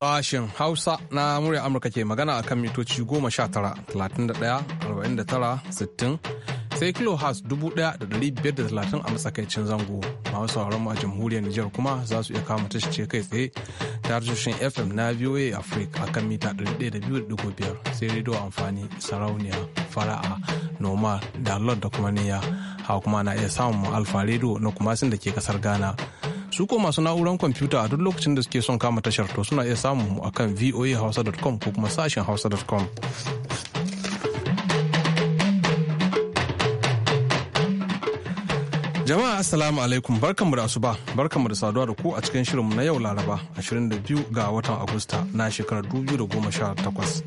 Bashin Hausa na murya Amurka ke magana a kan mitoci 19-31-49-60 sai kilohas 1,530 a matsakaicin zango. Masu sauran mu a jamhuriyar Nijar kuma za su iya kama ce kai tsaye ta harshen FM na VOA Africa a kan mita 102.5 sai rediyo amfani sarauniya fara'a noma da lord da kuma niyya haka kuma na iya samun alfa radio na kumasin da ke kasar ghana su ko masu na'urar kwamfuta a duk lokacin da suke son kama tashar to suna iya samun mu akan voahausa.com ko kuma sashen hausa.com Jama'a Assalamu alaikum barkanmu da asuba barkanmu da saduwa da ku a cikin shirinmu na yau Laraba 22 ga watan Agusta na shekarar 2018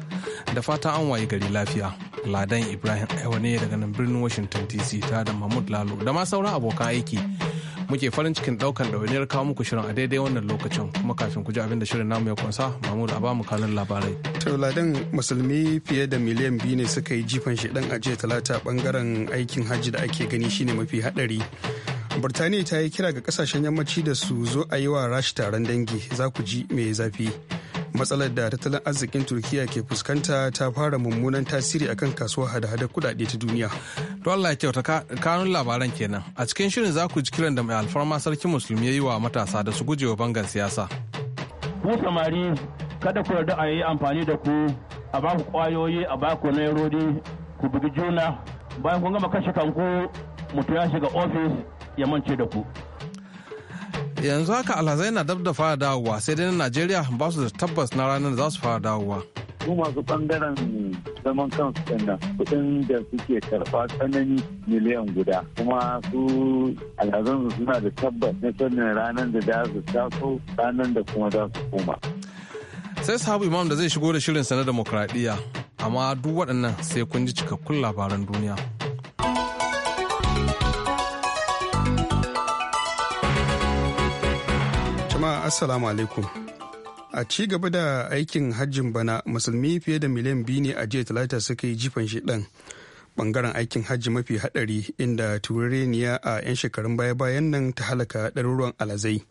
da fata an waye gari lafiya Ladan Ibrahim Aiwa ne daga nan birnin Washington DC ta da Mahmud Lalo da ma sauran abokan aiki. Muke farin cikin daukan ɗawainiyar kawo muku shirin a daidai wannan lokacin kuma kafin ku ji abin da shirin namu ya kunsa Mahmud a bamu mu kanun labarai. To Ladan musulmi fiye da miliyan biyu ne suka yi jifan shi a jiya talata bangaren aikin hajji da ake gani shine mafi haɗari. Birtaniya ta yi kira ga kasashen yammaci da su zo a yi wa rashi taron dangi za ku ji mai zafi. matsalar da tattalin arzikin turkiya ke fuskanta ta fara mummunan tasiri akan kasuwar hada-hada kudade ta duniya to allah ya kyauta kanun labaran kenan a cikin shirin za ku ji kiran da mai alfarma sarki musulmi ya yi wa matasa da su gujewa bangar siyasa ku samari kada ku yarda a yi amfani da ku a ba ku kwayoyi a ba ku nairobi ku bugi juna bayan kun gama kashe kanku mutum ya shiga ofis ya mance da ku yanzu haka alhazai na dab da fara dawowa sai dai na najeriya ba su da tabbas na ranar za su fara dawowa su masu bangaren zaman kansu ɗin kuɗin da suke karɓa tsanani miliyan guda kuma su alhazansu suna da tabbas na sanin ranar da za su taso ranar da kuma za su koma sai sahabu imam da zai shigo da shirin sa na demokradiyya amma duk waɗannan sai kun ji cikakkun labaran duniya. Assalamu alaikum. A ci gaba da aikin hajjin bana musulmi fiye da miliyan biyu ne a jiya talata suka yi jifan shi ɗan bangaren aikin hajji mafi haɗari inda tureniya a 'yan shekarun baya-bayan nan ta halaka ɗaruruwan alazai.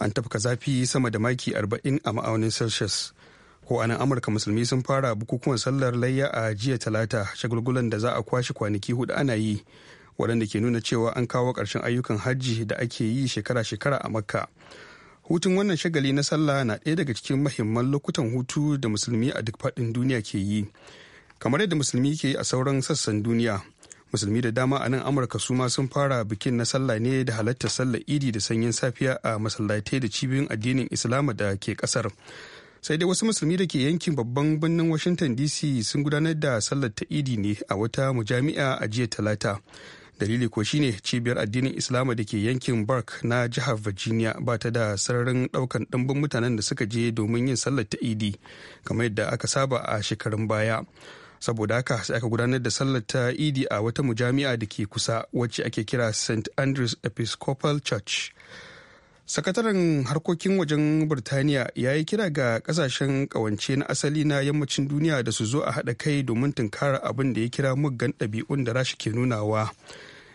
An tafka zafi sama da maki 40 a ma'aunin Celsius. Ko a nan Amurka musulmi sun fara bukukuwan sallar layya a jiya talata shagulgulan da za a kwashe kwanaki hudu ana yi waɗanda ke nuna cewa an kawo ƙarshen ayyukan hajji da ake yi shekara-shekara a Makka. hutun wannan shagali na sallah na ɗaya daga cikin mahimman lokutan hutu da musulmi a duk faɗin duniya ke yi kamar yadda musulmi ke yi a sauran sassan duniya musulmi da dama a nan amurka su ma sun fara bikin na sallah ne da halartar sallar idi da sanyin safiya a masallatai da cibiyoyin addinin islama da ke kasar sai dai wasu musulmi da ke yankin babban birnin washington dc sun gudanar da sallar ta idi ne a wata mujami'a a jiya talata dalili ko shine cibiyar addinin islama da ke yankin bark na jihar virginia ba ta da sararin daukan ɗimbin mutanen da suka je domin yin sallar ta idi kamar yadda aka saba a shekarun baya saboda haka sai aka gudanar da sallar ta idi a wata mujami'a da ke kusa wacce ake kira st andrews episcopal church sakataren harkokin wajen birtaniya ya yi kira ga kasashen kawance na asali na yammacin duniya da su zo a haɗa kai domin tunkara abin da ya kira muggan ɗabi'un da rasha ke nunawa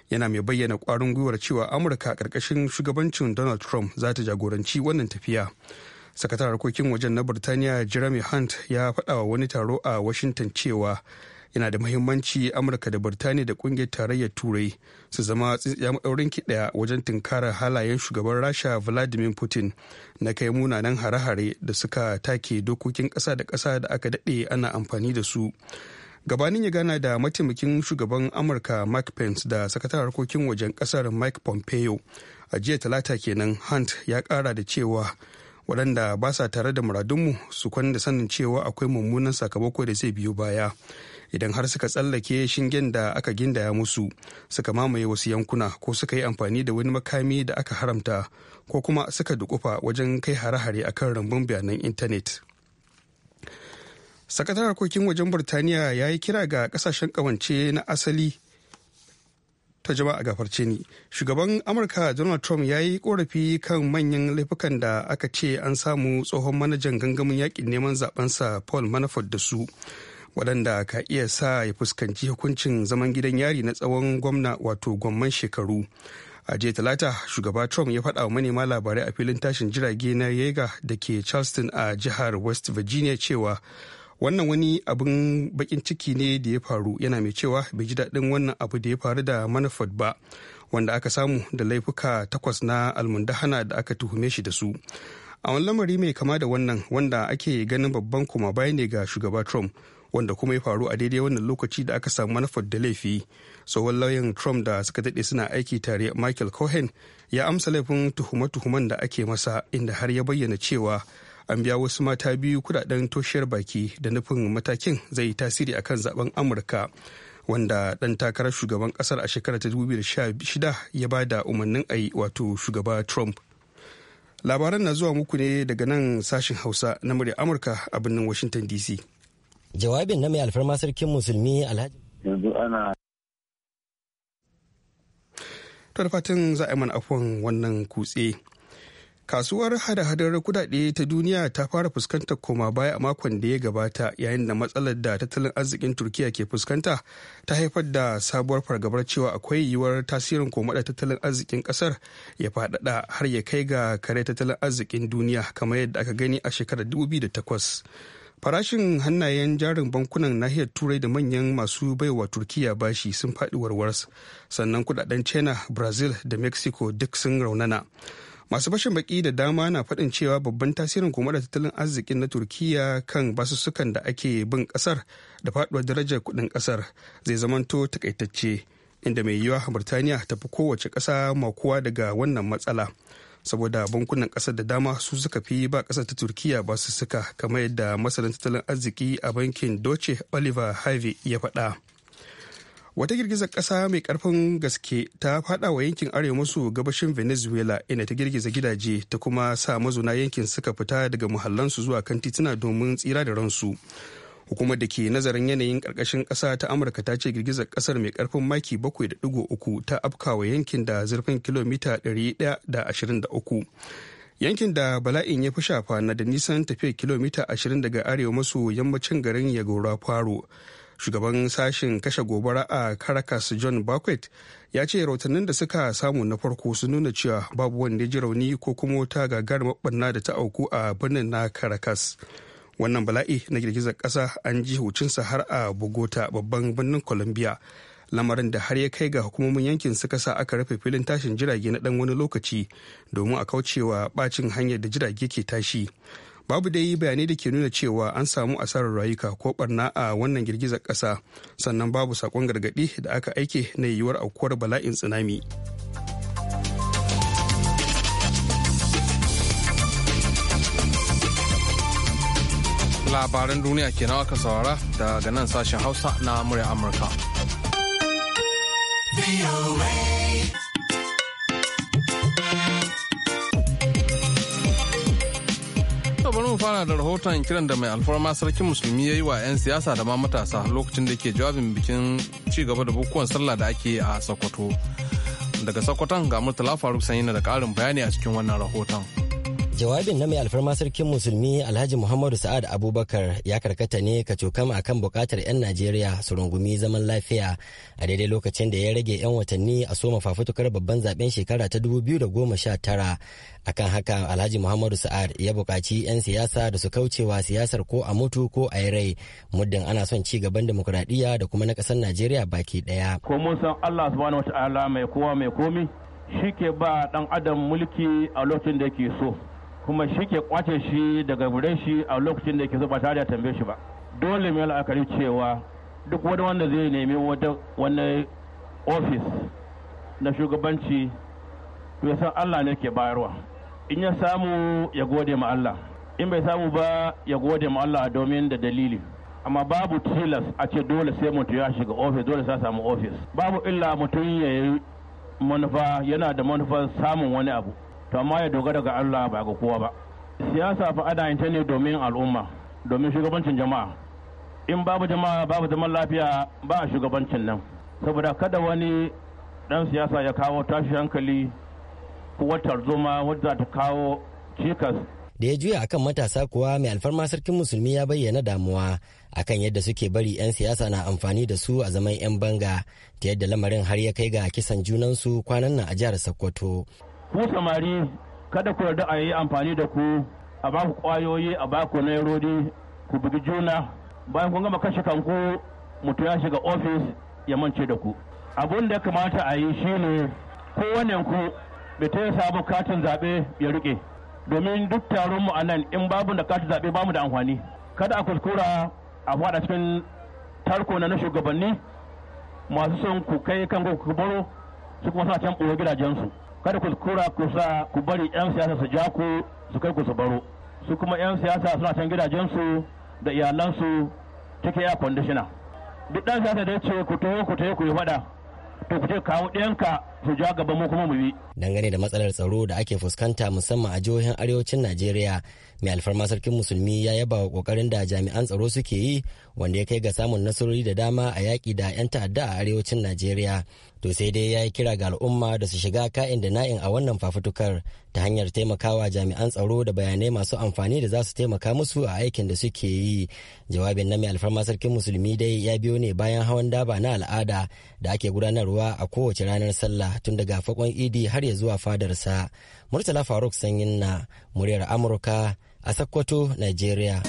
yana mai bayyana ƙwarin gwiwar cewa amurka ƙarƙashin shugabancin donald trump za ta jagoranci wannan tafiya sakataren harkokin wajen na birtaniya jeremy hunt ya faɗa wa wani taro a washington cewa yana da mahimmanci amurka da birtaniya da kungiyar tarayyar turai su zama tsintsiya maɗaurin kiɗaya wajen tunkara halayen shugaban rasha vladimir putin na kai munanan hare-hare da suka take dokokin ƙasa da ƙasa da aka daɗe ana amfani da su gabanin ya gana da mataimakin shugaban amurka mike pence da sakataren harkokin wajen ƙasar mike pompeo a jiya talata kenan hunt ya ƙara da cewa waɗanda ba sa tare da muradunmu su kwanda sanin cewa akwai mummunan sakamako da zai biyo baya idan har suka tsallake shingen da aka gindaya musu suka mamaye wasu yankuna ko suka yi amfani da wani makami da aka haramta ko kuma suka dukufa wajen kai hare-hare akan rambun bayanan intanet sakatar harkokin wajen burtaniya ya yi kira ga kasashen kawance na asali ta jama'a gafarce ni shugaban amurka donald trump ya yi korafi kan manyan laifukan da aka ce an samu tsohon manajan gangamin yakin neman sa paul manafort da su waɗanda ka iya sa ya fuskanci hukuncin zaman gidan yari na tsawon gwamna wato gwamman shekaru a jiya talata shugaba trump ya faɗa wa manema labarai a filin tashin jirage na yega da ke charleston a jihar west virginia cewa wannan wani abin bakin ciki ne da ya faru yana mai cewa bai ji daɗin wannan abu da ya faru da manafort ba wanda aka samu da laifuka takwas na almundahana da aka tuhume shi da su a wani lamari mai kama da wannan wanda ake ganin babban koma baya ne ga shugaba trump wanda kuma ya faru a daidai wannan lokaci da aka samu manufar da laifi tsohon lauyan trump da suka daɗe suna aiki tare michael cohen ya amsa laifin tuhume-tuhumen da ake masa inda har ya bayyana cewa an biya wasu mata biyu kudaden toshiyar baki da nufin matakin zai yi tasiri akan zaben amurka wanda ɗan takarar shugaban ƙasar a shekarar 2016 ya ba da umarnin a wato shugaba trump labaran na zuwa muku ne daga nan sashen hausa na murya amurka a birnin washington dc Jawabin na mai alfarma sarkin musulmi Alhaji. Yanzu ana fatan za a yi mana afuwan wannan kutse. Kasuwar hada-hadar kudade ta duniya ta fara fuskantar koma baya a makon da ya gabata yayin da matsalar da tattalin arzikin Turkiya ke fuskanta ta haifar da sabuwar fargabar cewa akwai yiwuwar tasirin koma da tattalin arzikin kasar ya fadada har ya kai ga kare tattalin arzikin duniya kamar yadda aka gani a shekarar 2008. farashin hannayen jarin bankunan nahiyar turai da manyan masu baiwa turkiya bashi sun faɗi warwars sannan kudaden china brazil da mexico duk sun raunana masu bashin baki da dama na faɗin cewa babban tasirin kuma da tattalin arzikin na turkiya kan basussukan da ake bin ƙasar da faɗuwar darajar kuɗin ƙasar zai zamanto takaitacce inda mai yiwuwa birtaniya ta fi kowace ƙasa makuwa daga wannan matsala saboda bankunan kasar da dama su suka fi ba kasar ta turkiya ba su suka kamar yadda masanin tattalin arziki a bankin doce oliver harvey ya faɗa wata girgizar ƙasa mai karfin gaske ta faɗa wa yankin arewa maso gabashin venezuela ina ta girgiza gidaje ta kuma sa mazauna yankin suka fita daga muhallansu zuwa kan tituna domin tsira da ransu hukumar da ke nazarin yanayin karkashin ƙasa ta amurka ta ce girgizar ƙasar mai karfin maki 7.3 ta afkawa yankin da zurfin kilomita 123 yankin da bala'in ya fi shafa na da nisan tafiya kilomita 20 daga arewa maso yammacin garin gora faro shugaban sashen kashe gobara a caracas john bakwet ya ce rautannin da suka samu na farko su nuna cewa babu wanda ya ji rauni ko kuma wata gagarumar barna da ta auku a birnin na caracas wannan bala'i na girgizar ƙasa an ji hucinsa har a bogota babban birnin colombia lamarin da har ya kai ga hukumomin yankin suka sa aka rufe filin tashin jirage na ɗan wani lokaci domin a kaucewa ɓacin hanyar da jirage ke tashi babu dai bayanai da ke nuna cewa an samu asarar rayuka ko barna a wannan girgizar ƙasa sannan babu saƙon gargaɗi da aka aike na yiwuwar aukuwar bala'in tsunami. labaran duniya kenan aka saurara daga nan sashen hausa na murya amurka bari mu fara da rahoton kiran da mai alfarma sarkin musulmi ya yi wa 'yan siyasa da ma matasa lokacin da ke jawabin bikin ci gaba da bukuwan sallah da ake a sokoto daga sokoton ga murtala faruk sanyi da karin bayani a cikin wannan rahoton Jawabin na mai alfarma sarkin musulmi Alhaji Muhammadu Sa'ad Abubakar ya karkata ne ka kacokam a kan bukatar 'yan Najeriya su rungumi zaman lafiya a daidai lokacin da ya rage 'yan watanni a soma fafutukar babban zaben shekara ta 2019. Akan haka Alhaji Muhammadu Sa'ad ya bukaci 'yan siyasa da su kaucewa siyasar ko a mutu ko a rai muddin ana son ci gaban demokuraɗiyya da kuma na ƙasar Najeriya baki ɗaya. Ko mun san Allah subhanahu wa ta'ala mai kowa mai komi shi ke ba dan adam mulki a lokacin da yake so. kuma shi ke kwace shi daga gure shi a lokacin da ke so ba tare da tambaye shi ba dole mai la'akari cewa duk wani wanda zai nemi wani ofis na shugabanci to ya san Allah ne ke bayarwa in ya samu ya gode ma Allah in bai samu ba ya gode ma Allah domin da dalili amma babu tilas a ce dole sai mutum ya shiga ofis dole sai samu ofis babu illa mutum ya yi manufa yana da manufar samun wani abu to amma ya dogara ga Allah ba ga kowa ba siyasa fa ana yin ta ne domin al'umma domin shugabancin jama'a in babu jama'a babu zaman lafiya ba a shugabancin nan saboda kada wani dan siyasa ya kawo tashi hankali ko wata zoma wadda ta kawo cikas da ya juya akan matasa kuwa mai alfarma sarkin musulmi ya bayyana damuwa akan yadda suke bari 'yan siyasa na amfani da su a zaman 'yan banga ta yadda lamarin har ya kai ga kisan junansu kwanan nan a jihar sokoto ku samari kada ku yarda a yi amfani da ku a ba ku kwayoyi a ba ku ku bugi juna bayan kun gama kashe kanku mutum ya shiga ofis ya mance da ku abun da ya kamata a yi shine kowane ku bai ta yasa bukatun zaɓe ya rike domin duk taron mu a nan in babu da katin zaɓe bamu da amfani kada a kuskura a faɗa cikin tarko na shugabanni masu son ku kai kan ku baro su kuma sa can ɓoye gidajensu kada ku kura ku sa ku bari 'yan siyasa su ja ku su kai ku su baro su kuma 'yan siyasa suna can gidajensu da iyalansu cikin air conditioner duk dan siyasa da ce ku taho ku taho ku yi fada to ku je kawo ɗayanka su ja gaba mu kuma mu bi. Dangane da matsalar tsaro da ake fuskanta musamman a jihohin arewacin Najeriya, mai alfarma sarkin musulmi ya yaba wa kokarin da jami'an tsaro suke yi wanda ya kai ga samun nasarori da dama a yaƙi da 'yan ta'adda a arewacin Najeriya. to sai dai ya yi kira ga al'umma da su shiga ka'in da na'in a wannan fafutukar ta hanyar taimakawa jami'an tsaro da bayanai masu amfani da za su taimaka musu a aikin da suke yi jawabin na mai alfarma sarkin musulmi dai ya biyo ne bayan hawan daba na al'ada da ake gudanarwa a kowace ranar sallah tun daga fakon idi har ya zuwa fadarsa murtala faruk sanyin na muryar amurka a sakkwato nigeria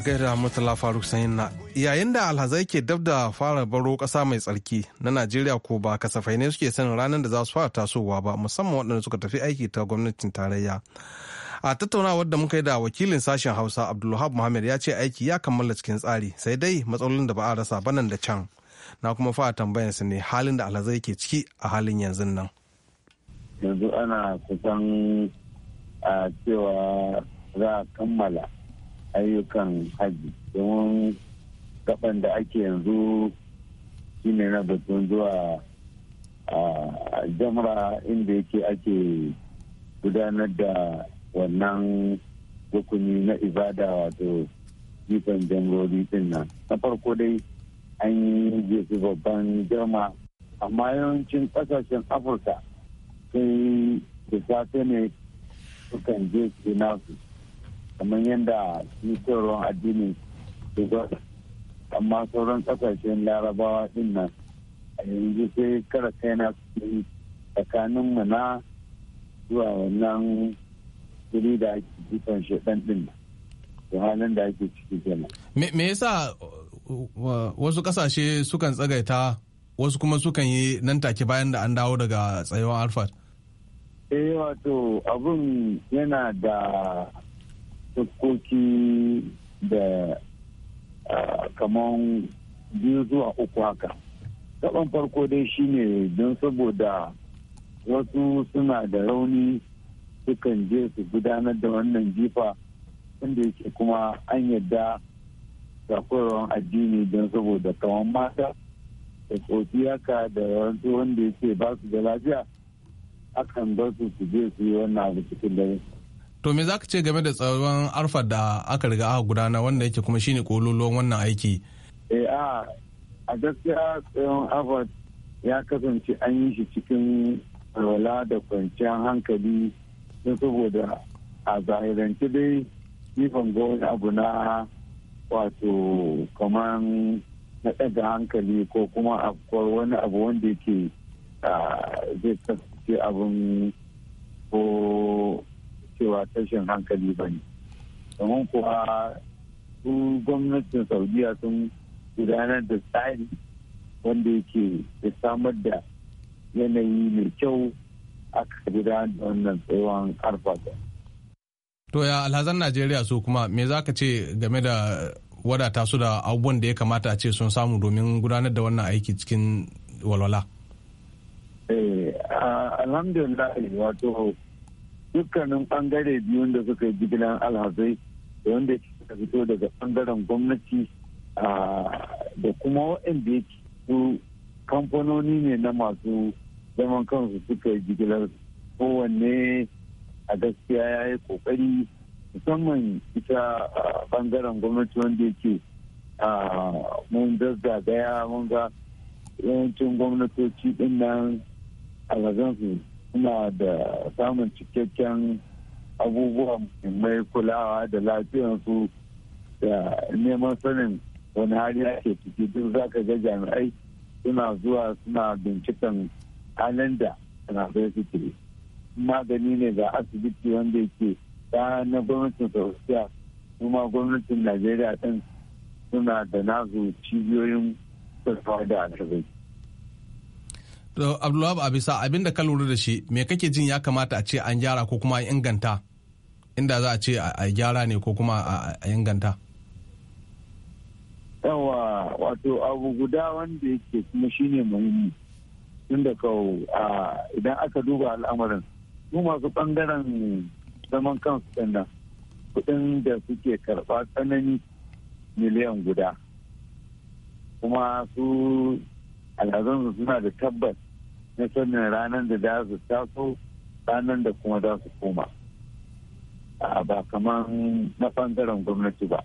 a gaida Murtala Faruk Sanyinna. Yayin da alhazai ke dab da fara baro kasa mai tsarki na Najeriya ko ba kasafai ne suke sanin ranar da za su fara tasowa ba musamman waɗanda suka tafi aiki ta gwamnatin tarayya. A tattaunawar da muka yi da wakilin sashen Hausa Abdulwahab Muhammad ya ce aiki ya kammala cikin tsari sai dai matsalolin da ba a rasa banan da can. Na kuma fara tambayar su ne halin da alhazai ke ciki a halin yanzu nan. Yanzu ana kusan a cewa za a kammala ayyukan hajji domin gaban da ake yanzu shine na batun zuwa a jamra inda yake ake gudanar da wannan rukuni na ibada wato jifan jamrori din nan na farko dai an yi su babban girma amma yawancin kasashen afirka sai da safe ne sukan je su nasu kamar yadda koyarwar addini su gwada amma sauran kasashen larabawa din nan a yanzu sai kara kai na su tsakanin mu na zuwa wannan guri da ake jifan shaɗan din da halin da ake ciki kenan. me yasa uh, wasu kasashe sukan tsagaita wasu kuma sukan yi nan take bayan da an dawo daga tsayuwar alfat eh wato abun yana da dokoki da kaman biyu zuwa uku haka gaban farko dai shine don saboda wasu suna da rauni sukan je su gudanar da wannan jifa inda yake kuma an yadda da addini don saboda kaman mata da tsofi haka da yawanci wanda yake ba su da lafiya akan bar su su je su yi wannan abu cikin dare To me za ka ce game da tsaron arfa da aka riga aka gudana wanda yake kuma shine kololuwan wannan aiki? Eh a a gaskiya tsaron arfa ya kasance an yi shi cikin rola da kwanciyar hankali don saboda a zahirance dai nifan ga abu na wato kamar na ɗaga hankali ko kuma akwai wani abu wanda yake zai kasance abin ko cewa tashin hankali ba ne domin kuwa su gwamnatin saudiya sun gudanar da tsari wanda yake da samar da yanayi mai kyau aka gudanar da wannan tsawon arfata to ya alhazan najeriya su kuma me za ka ce game da wadata su da abubuwan da ya kamata a ce sun samu domin gudanar da wannan aiki cikin walwala eh, alhamdulillah wato dukkanin bangare biyu da suka yi jigilan alhazai da wanda suka fito daga bangaren gwamnati da kuma waɗanda ya su kamfanoni ne na masu zaman kansu suka yi jigilar kowanne a gaskiya ya yi kokari musamman ita bangaren gwamnati wanda yake mun zazzagaya mun ga yawancin gwamnatoci din nan alhazansu suna da samun cikakken abubuwan mai kulawa da lafiyansu da neman sanin wani hali ake ciki duk za ka ga jami'ai suna zuwa suna binciken halin da bai suke magani ne ga asibiti wanda yake ta na gwamnatin saudiya kuma gwamnatin najeriya din suna da nazo cibiyoyin sarfawa da asibiti. abdullahi abisa abin da ka lura da shi me kake jin ya kamata a ce an gyara ko kuma a inganta inda za a ce a gyara ne ko kuma a inganta yawa wato abu guda wanda yake kuma shine muhimmi tun da kawo idan aka duba al'amarin su masu bangaren zaman kansu ɗannan kuɗin da suke karɓa tsanani miliyan guda kuma su al'adunsu suna da tabbas na sanin ranar da za su taso ranar da kuma za su koma ba kamar na bangaren gwamnati ba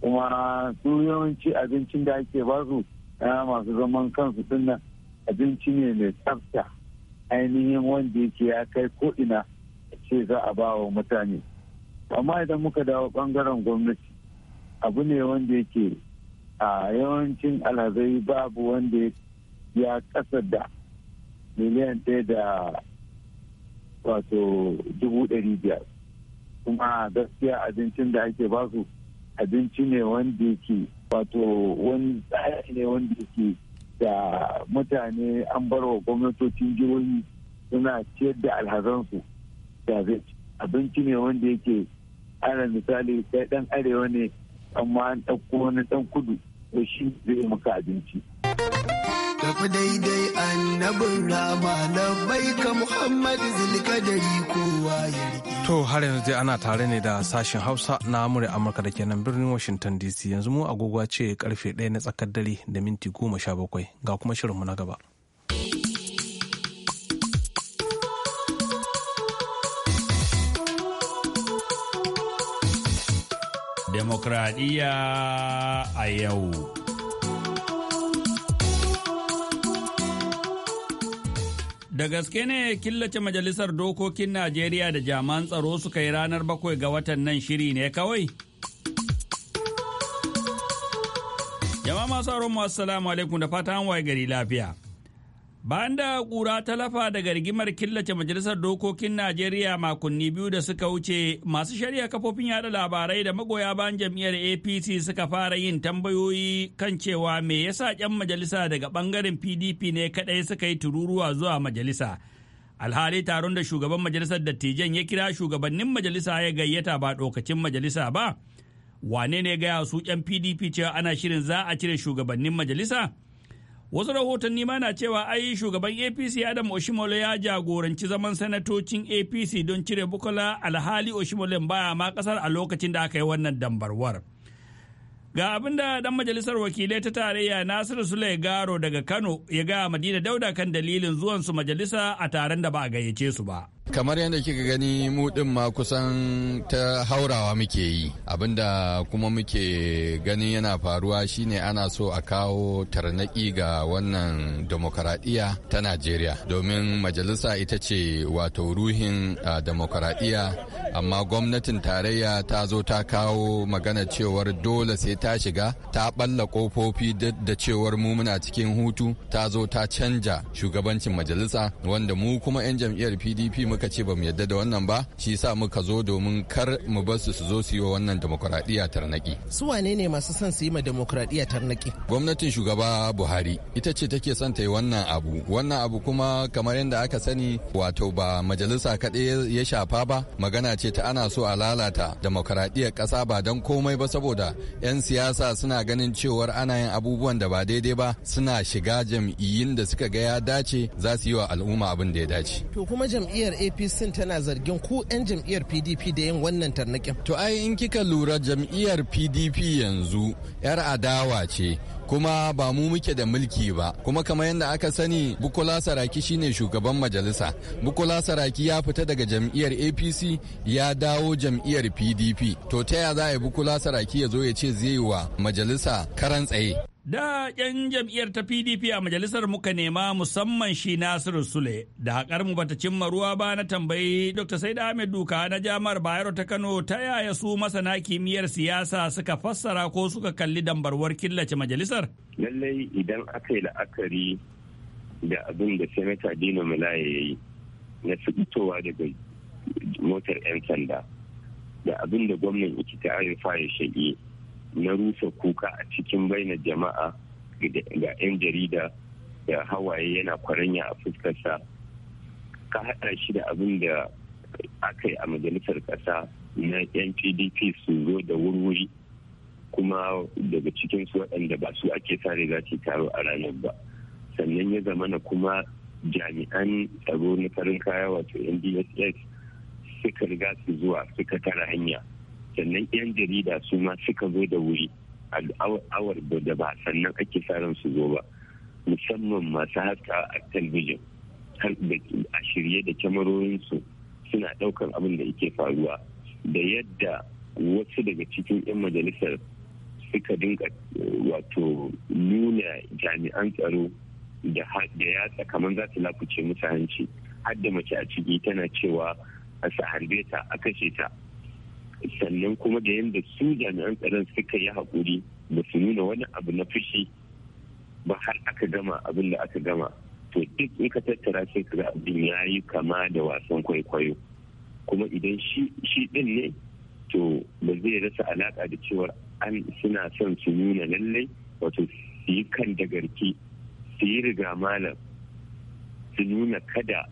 kuma su yawanci abincin da ake ba su masu zaman kansu dinnan abinci ne mai tsafta ainihin wanda yake ya kai ko'ina ce za a ba wa mutane amma idan muka dawo bangaren gwamnati abu ne wanda yake a yawancin alhazai babu wanda ya kasa da miliyan ɗaya da wato dubu ɗari biyar kuma gaskiya abincin da ake basu abinci ne wanda yake wato wani tsari ne wanda yake da mutane an bar wa gwamnatocin jihohi suna ciyar da alhazansu da zai abinci ne wanda yake ana misali sai dan arewa ne amma an ɗauko wani dan kudu da shi zai maka abinci. Tafi daidai annabin rama na baika Muhammad Zulkadari kowa ya To har yanzu dai ana tare ne da sashen Hausa na Amurka Amurka da ke nan birnin Washington DC yanzu mu agogo ce karfe ɗaya na tsakar dare da minti goma sha bakwai ga kuma shirinmu na gaba. Demokradiyya a yau. Da gaske ne killace Majalisar Dokokin Najeriya da jaman tsaro suka yi ranar bakwai ga watan nan shiri ne kawai? Jama'a masu aron masu salamu alaikum da fatan waye gari lafiya. Bayan da ƙura ta lafa daga rigimar killace Majalisar Dokokin Najeriya makonni biyu da suka wuce, masu shari'a kafofin yada labarai da magoya bayan jam'iyyar APC suka fara yin tambayoyi kan cewa me yasa 'yan majalisa daga ɓangaren PDP ne kaɗai suka yi tururuwa zuwa majalisa. Alhali taron da shugaban majalisar dattijan ya kira shugabannin majalisa ya gayyata ba ɗokacin majalisa ba. Wane ne gaya su 'yan PDP cewa ana shirin za a cire shugabannin majalisa? Wasu rahotanni ma na cewa ai shugaban APC Adam Oshimole ya jagoranci zaman sanatocin APC don cire Bukola alhali Oshimole baya ma kasar a lokacin da aka yi wannan dambarwar. Ga abin da dan majalisar wakilai ta tarayya Nasiru Sule Garo daga Kano ya ga Madina Dauda kan dalilin zuwansu majalisa a taron da ba a gayyace su ba. kamar yadda kika gani mu din ma kusan ta haurawa muke yi abinda kuma muke gani yana faruwa shine ana so a kawo tarnaki ga wannan demokaradiyya ta najeriya domin majalisa ita ce wato ruhin demokaradiyya amma gwamnatin tarayya ta zo ta kawo magana cewar dole sai ta shiga ta balla kofofi da cewar mu muna cikin hutu ta zo ta canja shugabancin majalisa wanda mu kuma 'yan jam'iyyar pdp muka ce ba mu yadda da wannan ba shi sa muka zo domin kar mu bar su su zo su yi wa wannan demokuraɗiyya tarnaki. su wane ne masu son su yi ma demokuraɗiyya tarnaki. gwamnatin shugaba buhari ita ce take son ta yi wannan abu wannan abu kuma kamar yadda aka sani wato ba majalisa kaɗai ya shafa ba magana ce ta ana so a lalata demokuraɗiyyar ƙasa ba don komai ba saboda 'yan siyasa suna ganin cewar ana yin abubuwan da ba daidai ba suna shiga jam'iyyun da suka ga ya dace za su yi wa al'umma abin da ya dace. to kuma jam'iyyar apc tana zargin ku 'yan jam'iyyar pdp da yin wannan tarnakin to ai in kika lura jam'iyyar pdp yanzu 'yar adawa ce kuma ba mu muke da mulki ba kuma kamar yadda aka sani bukola saraki shine shugaban majalisa bukola saraki ya fita daga jam'iyyar apc ya dawo jam'iyyar pdp to ta ya za a yi bukola saraki ya zo ya ce zai wa majalisa karan tsaye Da ‘yan jam'iyyar ta PDP a majalisar muka nema musamman shi Nasiru Sule, da haƙar mu bata cimma ruwa ba na tambayi Dr. Saida Ahmed Duka na Jamar Bayero ta Kano ta yaya su masana kimiyyar siyasa suka fassara ko suka kalli dambarwar killace majalisar? Lallai idan aka yi la'akari da abin da Senata Dino Malaya ya yi na fitowa daga motar 'yan sanda da abin da gwamnan Ikita Arifa ya shaƙi na rusa kuka a cikin bainar jama'a ga 'yan jarida da hawaye yana kwaranya a fuskarsa ka haɗa shi da abin da aka yi a majalisar ƙasa na 'yan pdp su zo da wurwuri kuma daga cikinsu waɗanda ba su ake sare za su taro a ranar ba sannan ya zama na kuma jami'an tsaro na farin kaya wato ndss suka riga su zuwa suka tara hanya sannan 'yan jarida su ma suka zo da wuri a awar da ba sannan ake sa ran su zo ba musamman masu haska a talbijin har a shirye da kyamarorinsu suna daukar abin da yake faruwa da yadda wasu daga cikin 'yan majalisar suka dinga wato nuna jami'an tsaro da yatsa kamar za su lafuce musu hanci har mace a ciki tana cewa a harbe ta a kashe ta sannan kuma da yadda su jami'an tsaron suka yi haƙuri ba su nuna wani abu na fushi ba har aka gama abin da aka gama to duk in ka tattara sai ka ga abin ya yi kama da wasan kwaikwayo kuma idan shi din ne to ba zai rasa alaƙa da cewar an suna son su nuna lallai wato su yi kan da garki su yi riga malam su nuna kada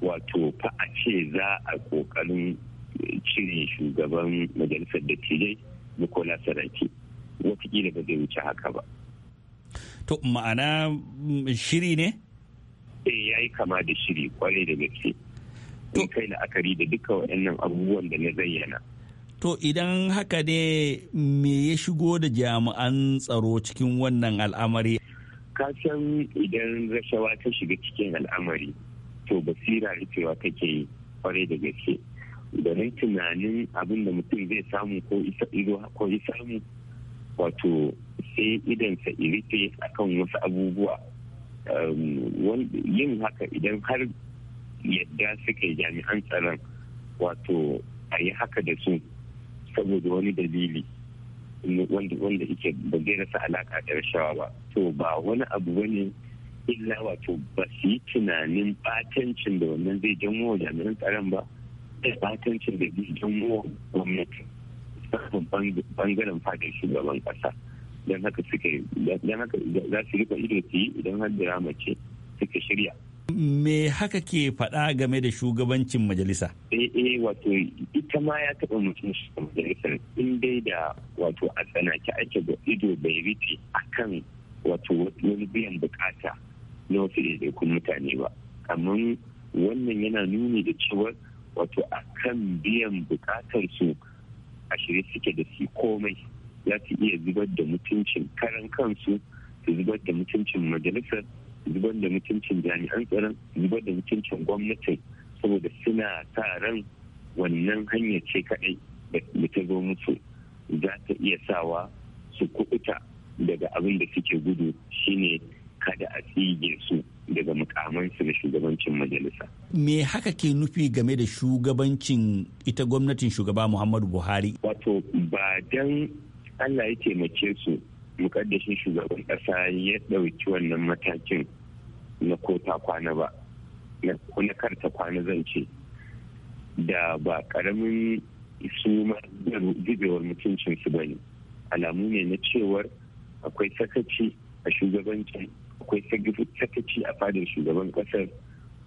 wato fa ce za a ƙoƙarin cire shugaban majalisar dattijai Nicola Saraki watakila ba zai wuce haka ba. To ma'ana mm, shiri ne? Eh ya yi kama da shiri kwarai da gaske. To kai la'akari da duka waɗannan abubuwan da na zayyana. To idan haka ne me ya shigo da jami'an tsaro cikin wannan al'amari? Kasan idan rashawa ta shiga cikin al'amari to basira cewa take kwarai da gaske. da nan tunanin abin da mutum zai samu ko isa ido ko samu wato sai idansa irife akan wasu abubuwa um, yin haka idan har yadda suka yi jami'an tsaron wato a yi haka da su saboda wani dalili wanda ike ba zai rasa alaka da rashawa ba to ba wani abu bane illa wato ba su yi tunanin batancin da wannan zai janwo jami'an tsaron ba da batancin da jirgin gwamnati bangaren fadin shugaban kasa don haka suke za su rika ido su yi idan har da mace suke shirya me haka ke faɗa game da shugabancin majalisa? Eh, eh wato ita ma ya taɓa mutum majalisar in dai da wato a tsanaki ake da ido bai rufe kan wato wani biyan bukata na wasu daidaikun mutane ba. Amma wannan yana nuni da cewa wato a kan biyan bukatar su a shirye suke da su komai za su iya zubar da mutuncin karan kansu su zubar da mutuncin majalisar zubar da mutuncin jami'an tsaron zubar da mutuncin gwamnatin saboda suna sa ran wannan hanyar ce kadai da ta zo musu za ta iya sawa su kuɓuta daga abin da suke gudu shine kada a tsige su daga mukamansu na shugabancin majalisa. Me haka ke nufi game da shugabancin ita gwamnatin shugaba Muhammadu Buhari? Wato ba dan Allah ya taimake su mukaddashin shugaban ƙasa ya ɗauki wannan matakin na kota kwana ba, na karta kwana zance da ba ƙaramin su zubewar mutuncinsu ba ne. Alamu ne na cewar akwai sakaci a shugabancin akwai sakaci a fadin shugaban kasar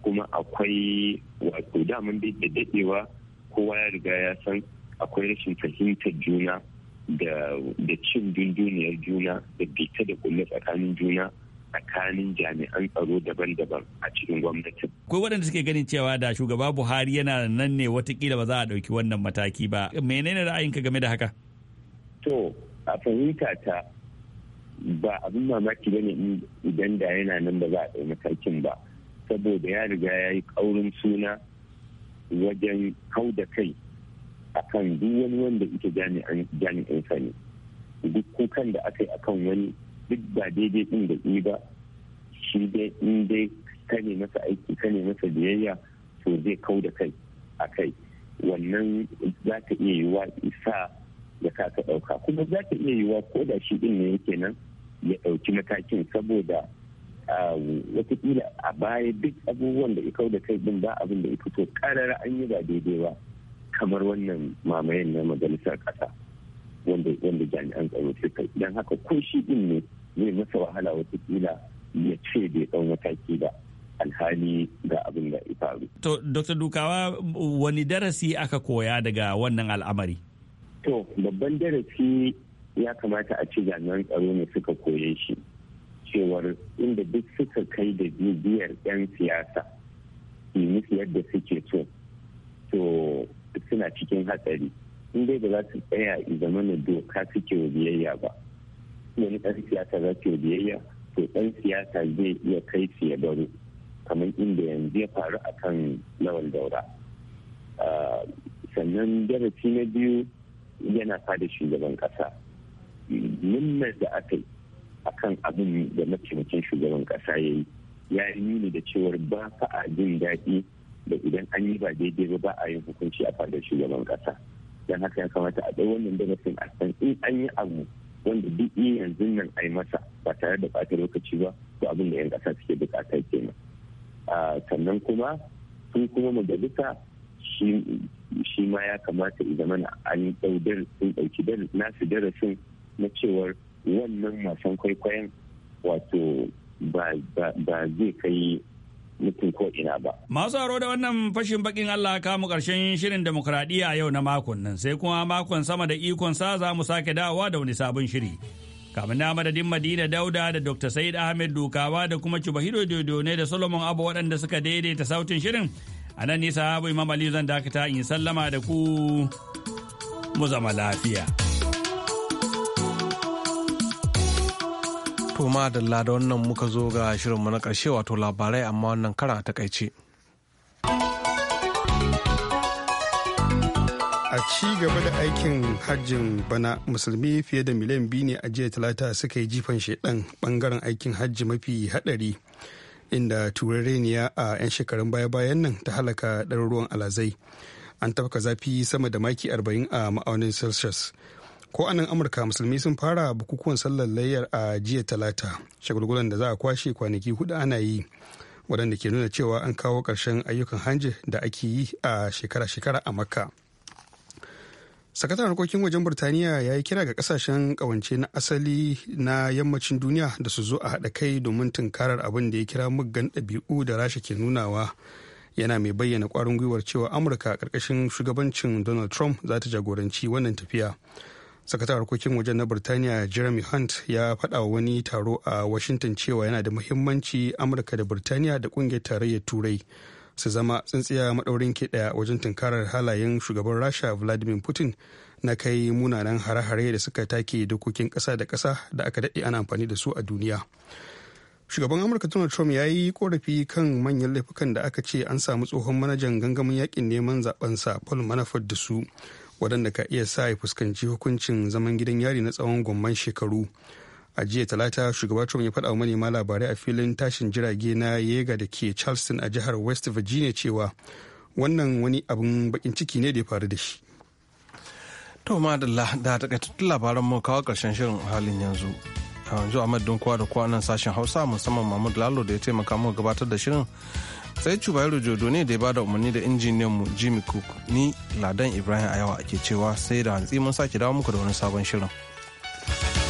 kuma akwai wato daman da daɗewa kowa ya riga ya san akwai rashin fahimtar juna da cin dunduniyar juna da bita da kulle tsakanin juna tsakanin jami'an tsaro daban-daban a cikin gwamnatin. Akwai waɗanda suke ganin cewa da shugaba Buhari yana nan ne watakila ba za a ɗauki wannan mataki ba. Menene ra'ayinka game da haka? To, a fahimta ta ba abin mamaki bane idan da yana nan ba za a ɗau matakin ba saboda ya riga ya yi ƙaurin suna wajen kau da kai akan duk wani wanda ita jami'an sani duk kukan da aka yi a kan wani duk ba daidai ɗin da ba shi dai in dai ka ne masa aiki ka ne masa biyayya to zai kau da kai a kai wannan za ka iya yiwa isa ya kasa ɗauka kuma za ta iya yiwuwa ko da shi ɗin ne yake nan ya ɗauki matakin saboda watakila a baya duk abubuwan da ikau da kai ɗin ba abin da ita to karar an yi ba daidai ba kamar wannan mamayen na majalisar ƙasa wanda jami'an tsaro suka idan haka ko shi ɗin ne zai masa wahala watakila ya ce bai ɗau mataki ba alhali ga abin da ya faru. To, Dr. Dukawa, wani darasi aka koya daga wannan al'amari? to babban darasi ya kamata a ci jami'an tsaro ne suka koye shi cewar inda duk suka kai da bibiyar 'yan siyasa su musu yadda suke so to suna cikin hatsari in dai ba za su tsaya mana doka suke wa biyayya ba wani ɗan siyasa za su biyayya to ɗan siyasa zai iya kai su ya baro kamar inda yanzu ya faru a kan lawal daura ah, sannan darasi na biyu yana fada shugaban kasa nuna da aka yi a kan abin da mataimakin shugaban kasa ya yi ya yi nuni da cewar ba ka a jin daɗi da idan an yi ba daidai ba ba a yin hukunci a fadar shugaban kasa don haka ya kamata a ɗau wannan darasin a san in an yi abu wanda duk yi yanzu nan a yi masa ba tare da ɓata lokaci ba to abin da 'yan ƙasa suke bukata kenan ah, sannan kuma sun kuma majalisa shi ma ya kamata idan an ɗauki nasu darasin na cewar wannan wasan kwaikwayon wato ba zai kai mutum ko ina ba. Masu haro da wannan fashin bakin Allah kamu karshen shirin demokradiyya yau na makon nan sai kuma makon sama da ikon sa za mu sake dawowa da wani sabon shiri. kamin na madadin Madina Dauda da Dr. Said Ahmed dokawa da kuma cuba Dodo ne da Solomon Abu waɗanda suka daidaita sautin shirin a nan nisa abu imam aliyu zan dakata in sallama da ku mu zama lafiya to ma da wannan muka zo ga shirinmu na ƙarshe wato labarai amma wannan kara ta takaice a ci gaba da aikin hajjin bana musulmi fiye da miliyan biyu ne a jiya talata suka yi jifan shaidan bangaren aikin hajji mafi hadari inda turareniya a 'yan shekarun baya-bayan nan ta halaka ɗaruruwan alazai an tafka zafi sama da maki 40 a ma'aunin celsius ko a nan amurka musulmi sun fara bukukuwan sallar layyar a jiya talata shagulgulan da za a kwashe kwanaki hudu ana yi waɗanda ke nuna cewa an kawo ƙarshen ayyukan hanji da ake yi a shekara-shekara a makka sakataren harkokin wajen burtaniya ya yi kira ga kasashen kawance na asali na yammacin duniya da su zo a haɗa kai domin tunkarar abin da ya kira muggan ɗabi'u da rasha ke nunawa yana mai bayyana ƙwarin gwiwar cewa amurka ƙarƙashin shugabancin donald trump za ta jagoranci wannan tafiya sakataren harkokin wajen na burtaniya jeremy hunt ya faɗa wa wani taro a washington cewa yana da muhimmanci amurka da burtaniya da ƙungiyar tarayyar turai su zama tsintsiya maɗaurin kiɗa wajen tunkarar halayen shugaban rasha vladimir putin na kai munanan hare-hare da suka take dokokin ƙasa da ƙasa da aka daɗe ana amfani da su a duniya shugaban amurka donald trump ya yi korafi kan manyan laifukan da aka ce an samu tsohon manajan gangamin yakin neman sa paul manafort da su waɗanda ka iya sa ya fuskanci hukuncin zaman gidan yari na tsawon gomman shekaru a jiya talata shugaba trump ya faɗa wa manema labarai a filin tashin jirage na yega da ke charleston a jihar west virginia cewa wannan wani abin bakin ciki ne da ya faru da shi to madalla da takaitattun labaran mu kawo karshen shirin halin yanzu a yanzu a madadin kowa da kowa sashen hausa musamman mahmud lalo da ya taimaka mu gabatar da shirin sai cubayar jodo ne da ya bada umarni da injiniyan mu jimmy cook ni ladan ibrahim ayawa yawa ake cewa sai da hantsi mun sake dawo muku da wani sabon shirin